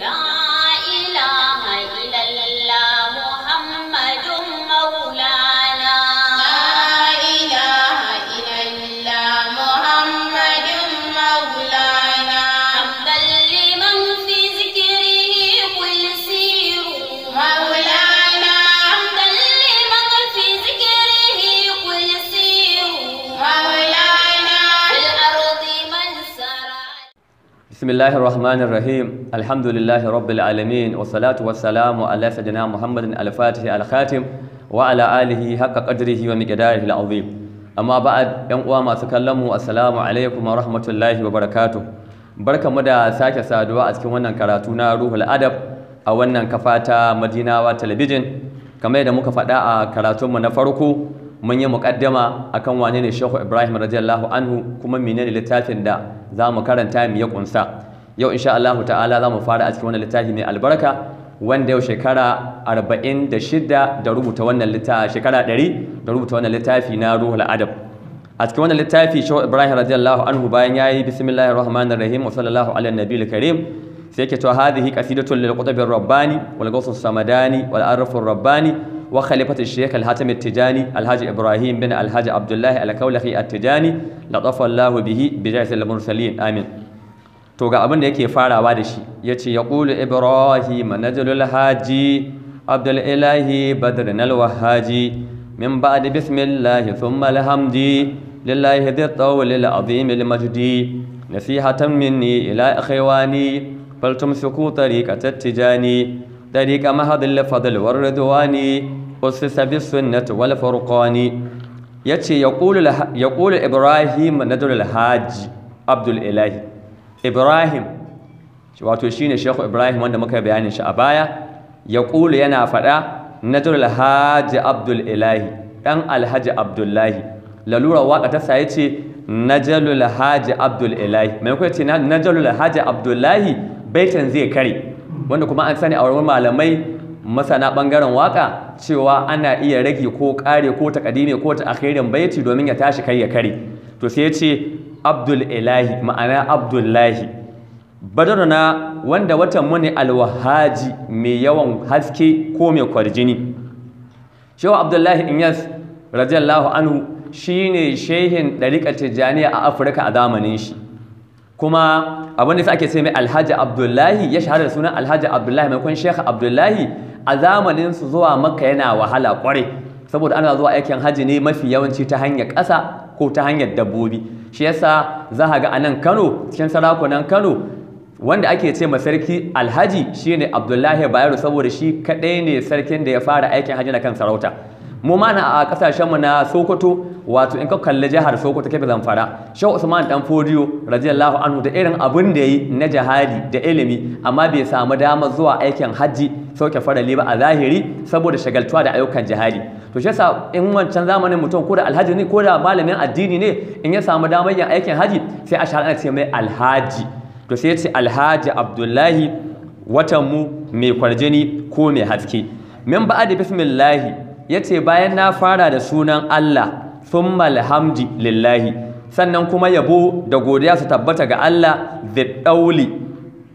啊。بسم الله الرحمن الرحيم الحمد لله رب العالمين والصلاة والسلام على سيدنا محمد الفاتح الخاتم وعلى آله حق قدره ومقداره العظيم أما بعد ‘yan uwa masu kallon mu assalamu alaikum rahmatullahi wa barakatuh barkamu da sake saduwa a cikin wannan karatu na ruhul adab a wannan kafa ta madinawa talabijin kamar muka faɗa a na farko mun yi muƙaddama akan wane ne Shehu Ibrahim radiyallahu anhu kuma menene littafin da za mu karanta mu ya kunsa yau insha Allah ta'ala za mu fara a cikin wannan littafi mai albarka wanda yau shekara 46 da rubuta wannan littafi shekara 100 da rubuta wannan littafi na Ruhul Adab a cikin wannan littafi Shehu Ibrahim radiyallahu anhu bayan yayi bismillahir rahmanir rahim wa sallallahu ala nabiyil karim sai ke to hadhihi qasidatun lil qutbir rabbani wal ghawsus samadani wal arfur rabbani وخليفة الشيخ الهاتم التجاني الحاج إبراهيم بن الحاج عبد الله الكولخي التجاني لطف الله به بجعث المرسلين آمين to ga abin da yake farawa da shi ya ce ya ƙulu ibrahim najlul haji abdul ilahi badr haji min ba'di bismillah thumma alhamdi lillahi dhi tawli al-azim al-majdi nasihatan minni ila ikhwani فلتمسكوا طريقة التجاني طريق مهد الفضل والرضوان usisa bis sunnati wal furqani yace yaqulu yaqulu ibrahim nadul haji abdul ilahi ibrahim wato shine shehu ibrahim wanda muka bayanin shi a baya yaqulu yana fada nadul haji abdul ilahi dan alhaji abdullahi lalura waka ta sa yace najalul haji abdul ilahi mai kuwa ce najalul haji abdullahi baitan zai kare wanda kuma an sani a wurin malamai masana bangaren waka cewa ana iya rage ko kare ko takadime ko ta akhirin baiti domin ya tashi kai ya kare to sai ya ce abdul ilahi ma'ana abdullahi badaruna wanda watan muni alwahaji mai yawan haske ko mai kwarjini shehu abdullahi inyas radiyallahu anhu shine shehin ɗariƙar tijjaniya a afirka a zamanin shi kuma abin da ake sai mai alhaji abdullahi ya shahara da sunan alhaji abdullahi maimakon shekha abdullahi a zamanin su zuwa maka yana wahala kwarai saboda ana zuwa aikin hajji ne mafi yawanci ta hanyar ƙasa ko ta hanyar dabbobi shi yasa za a ga a nan kano cikin sarakunan kano wanda ake ce ma sarki alhaji shine abdullahi bayero saboda shi kaɗai ne sarkin da ya fara aikin hajji na kan sarauta mu ma na a kasashen mu na Sokoto wato in ka kalli jihar Sokoto kafi zamfara Shehu Usman dan Fodiyo radiyallahu anhu da irin abun da yayi na jihadi da ilimi amma bai samu dama zuwa aikin hajji sauke farali ba a zahiri saboda shagaltuwa da ayyukan jihadi to shi yasa in wancan zamanin mutum ko da alhaji ne ko da malamin addini ne in ya samu damar yin aikin haji sai a shahara ce mai alhaji to sai ya ce alhaji Abdullahi watan mu mai kwarjini ko mai haske min ba'a da bismillahi Ya ce bayan na fara da sunan Allah sun alhamdi lillahi sannan kuma yabo da godiya su tabbata ga Allah da dauli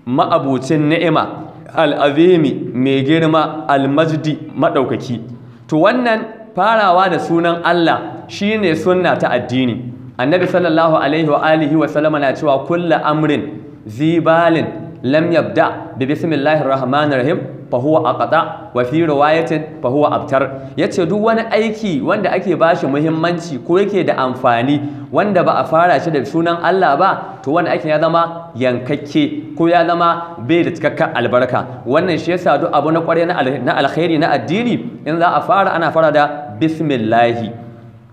ma'abucin ni'ima al'azimi mai girma almajdi maɗaukaki. to wannan farawa da sunan Allah shi ne sunna ta addini annabi sallallahu alaihi wa alihi wa na cewa kulla amrin zibalin lam yabda bi bismillahir rahmanir rahim fahuwa aqata wa fi riwayatin fahuwa abtar yace duk wani aiki wanda ake bashi muhimmanci ko yake da amfani wanda ba a fara shi da sunan Allah ba to wani aiki ya zama yankakke ko ya zama bai da cikakken albarka wannan shi yasa duk abu na ƙwarya na alkhairi na addini in za a fara ana fara da bismillahi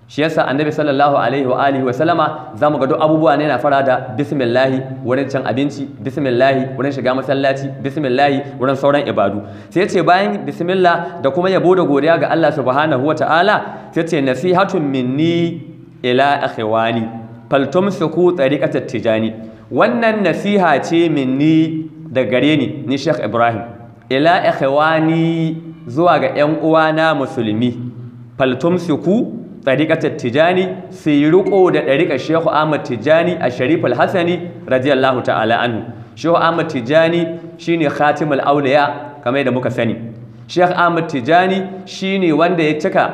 shi yasa annabi sallallahu alaihi wa alihi wa sallama zamu ga duk abubuwa ne na fara da bismillahi wurin cin abinci bismillah wurin shiga masallaci bismillahi wurin sauran ibadu sai yace bayan bismillah da kuma yabo da godiya ga Allah subhanahu ta'ala sai yace nasihatun minni ila akhwani faltumsiku tariqat tijani wannan nasiha ce minni da gare ni ni Sheikh Ibrahim ila akhiwani zuwa ga ƴan uwana musulmi faltumsiku tariƙatar tijani su yi riƙo da ɗarika shehu ahmad tijani a sharifal hassani radiyallahu ta'ala anhu shehu ahmad tijani shine khatimul auliya kamar da muka sani shehu ahmad tijani shine wanda ya cika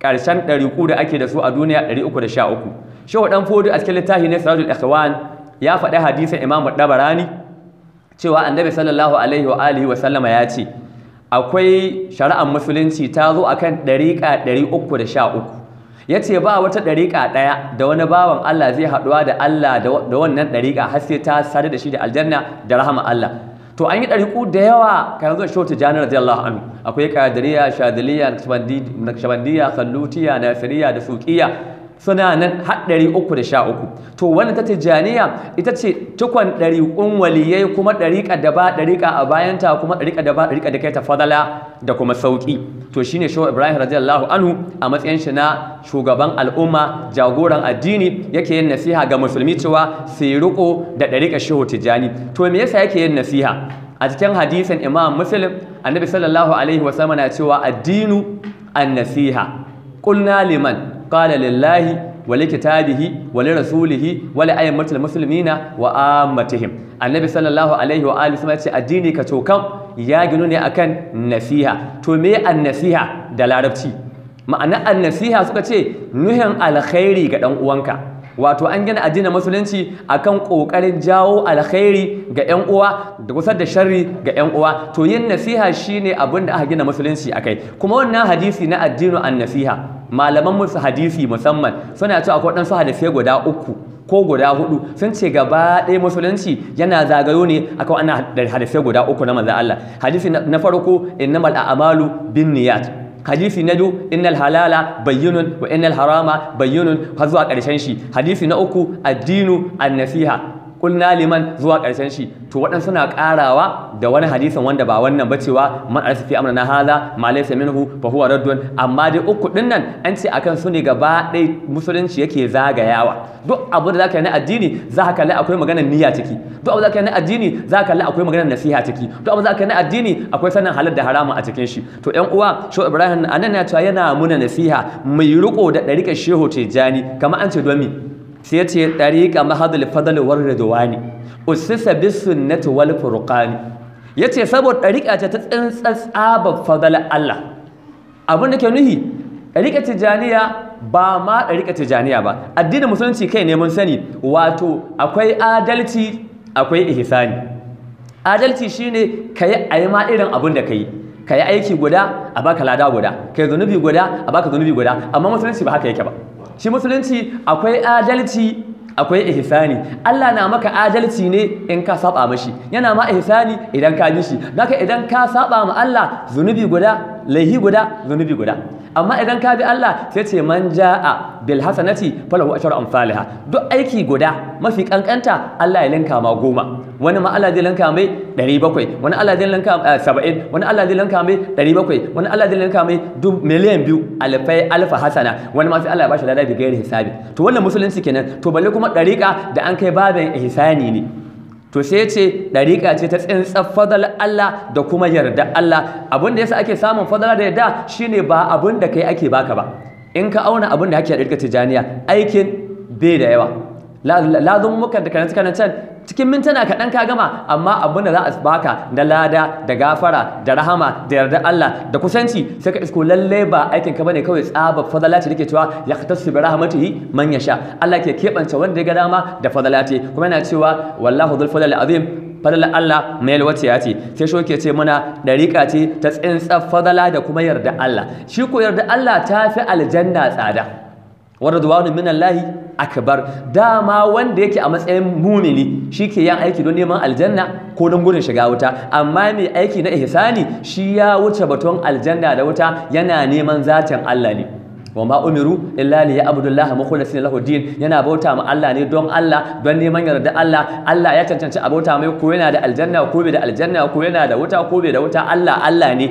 ƙarshen ɗariƙu da ake da su a duniya 313 shehu ɗan fodu a cikin littafi na sirajul ikhwan ya faɗi hadisin imamu ne. cewa annabi sallallahu alaihi wa alihi wa sallama ya ce akwai shari'ar musulunci ta zo akan ɗariƙa 313 ya ce ba wata ɗariƙa ɗaya da wani bawan Allah zai haɗuwa da Allah da wannan ɗariƙa har sai ta sadu da shi da aljanna da rahama Allah to an yi ɗariƙu da yawa kan zuwa wata janar Allah anhu akwai kadiriya shadiliya salutiya khallutiya nasiriya da suƙiya. suna nan har ɗari uku da sha uku to wani ta tijjaniya ita ce cikon ɗariƙun waliyai kuma ɗariƙa da ba ɗariƙa a bayanta kuma ɗariƙa da ba ɗariƙa da kai ta fadala da kuma sauƙi to ne shawar ibrahim radiyallahu anhu a matsayin shi na shugaban al'umma jagoran addini yake yin nasiha ga musulmi cewa su yi riƙo da ɗariƙa shehu tijjani to me yasa yake yin nasiha a cikin hadisin imam muslim annabi sallallahu alaihi wasallam na cewa addinu an nasiha qulna liman qala lillahi wa li kitabihi wa li rasulihi wa li ayyamatil muslimina annabi sallallahu alaihi wa alihi ya ce addini ka cokan ya ginu ne akan nasiha to me an nasiha da larabci ma'ana an nasiha suka ce nuhin alkhairi ga ɗan uwanka wato an gina addinin musulunci akan ƙoƙarin jawo alkhairi ga yan uwa da kusa da sharri ga yan uwa to yin nasiha shine abin da aka gina musulunci akai kuma wannan hadisi na addinu an nasiha malaman musu hadisi musamman suna cewa akwai ɗansu hadisai guda uku ko guda hudu sun ce gaba ɗaya musulunci yana zagayo ne akan ana da hadisai guda uku na manzo Allah hadisi na farko innamal a'malu binniyat hadisi na biyu innal halala bayyinun wa innal harama bayyinun har zuwa ƙarshen shi hadisi na uku addinu an-nasiha kulna liman zuwa ƙarshen shi to waɗansu na ƙarawa da wani hadisin wanda ba wannan ba cewa man arsa fi amrina hadha ma laysa minhu fa huwa raddun amma dai uku din nan an ce akan su ne gaba ɗaya musulunci yake zagayawa duk abu da zaka yi na addini za ka kalli akwai maganar niyya ciki duk abu da zaka yi na addini za ka kalli akwai maganar nasiha ciki duk abu da zaka yi na addini akwai sanin halar da haramun a cikin shi to ƴan uwa Shehu Ibrahim anan ya cewa yana muna nasiha mai riko da ɗariƙar Shehu Tijjani kamar an ce don sai ce ɗariƙa mahadul fadl war ne ussisa bis sunnati wal furqani yace saboda ɗariƙa ce ta tsantsan tsabar fadl Allah abin da ke nuhi ɗariƙa tijaniya ba ma ɗariƙa tijaniya ba addinin musulunci kai ne mun sani wato akwai adalci akwai ihsani adalci shine kai ayi ma irin abin da kayi yi aiki guda a baka lada guda kai zunubi guda a baka zunubi guda amma musulunci ba haka yake ba shi musulunci akwai adalci akwai ihsani Allah na maka adalci ne in ka saba mashi yana ma ihsani idan ka bi shi naka idan ka saba ma Allah zunubi guda laihi guda zunubi guda amma idan ka bi Allah sai ce man ja'a bil hasanati falahu asharu amsalha duk aiki guda mafi kankanta Allah ya linka ma goma wani ma Allah zai linka mai 700 wani Allah zai linka 70 eh, wani Allah zai linka mai 700 wani Allah zai linka mai miliyan biyu alfai alfa hasana wani ma sai Allah ya bashi ladabi gairi hisabi to wannan musulunci kenan to balle kuma dariƙa da an kai baban ihsani ne to sai ya ce ɗariƙa ce ta tsintsar fadalar Allah da kuma yarda Allah abinda da sa ake samun fadala da yarda shine ba abin da kai ake baka ba in ka auna abin da ake ɗariƙa tijaniya aikin bai da yawa lazumukan da karanta can cikin mintuna kaɗan ka gama amma abin da za a baka da lada da gafara da rahama da yarda Allah da kusanci sai ka isko lalle ba aikin ka bane kawai tsaba fadalati da ke cewa ya khatasu bi rahmatihi man yasha Allah ke keɓance wanda ya ga dama da fadalati kuma yana cewa wallahu dhul fadl azim fadalar Allah mai ya ce sai shi ke ce mana ɗariƙa ce ta tsintsar fadala da kuma yarda Allah shi ko yarda Allah ta fi aljanna tsada wa radwanu min akbar dama wanda yake a matsayin mumini shi ke yin aiki don neman aljanna ko don gurin shiga wuta amma mai aiki na ihsani shi ya wuce baton aljanna da wuta yana neman zatin Allah ne wa ma umiru illa li ya'budullah mukhlisina lahu din yana bauta ma Allah ne don Allah don neman yarda Allah Allah ya cancanci a bauta mai ko yana da aljanna ko bai da aljanna ko yana da wuta ko bai da wuta Allah Allah ne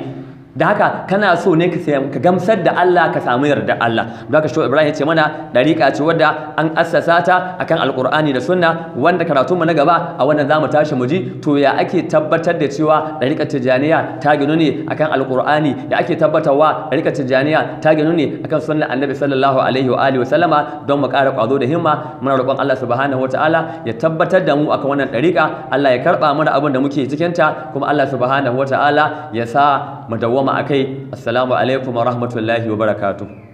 da haka kana so ne ka gamsar da Allah ka samu yarda Allah don haka shehu Ibrahim ya ce mana dariƙa ce wadda an assasa ta akan alƙur'ani da sunna wanda karatu mu na gaba a wannan zamu tashi mu ji to ya ake tabbatar da cewa dariƙar tijaniya ta ginu ne akan alƙur'ani ya ake tabbatarwa dariƙar tijaniya ta ginu ne akan sunnar annabi sallallahu alaihi wa alihi wa sallama don mu ƙara ƙwazo da himma muna roƙon Allah subhanahu wataala ya tabbatar da mu akan wannan dariƙa Allah ya karɓa mana abin da muke cikin ta kuma Allah subhanahu wataala ya sa mu dawo a kai, assalamu alaikum wa rahmatullahi wa barakatuh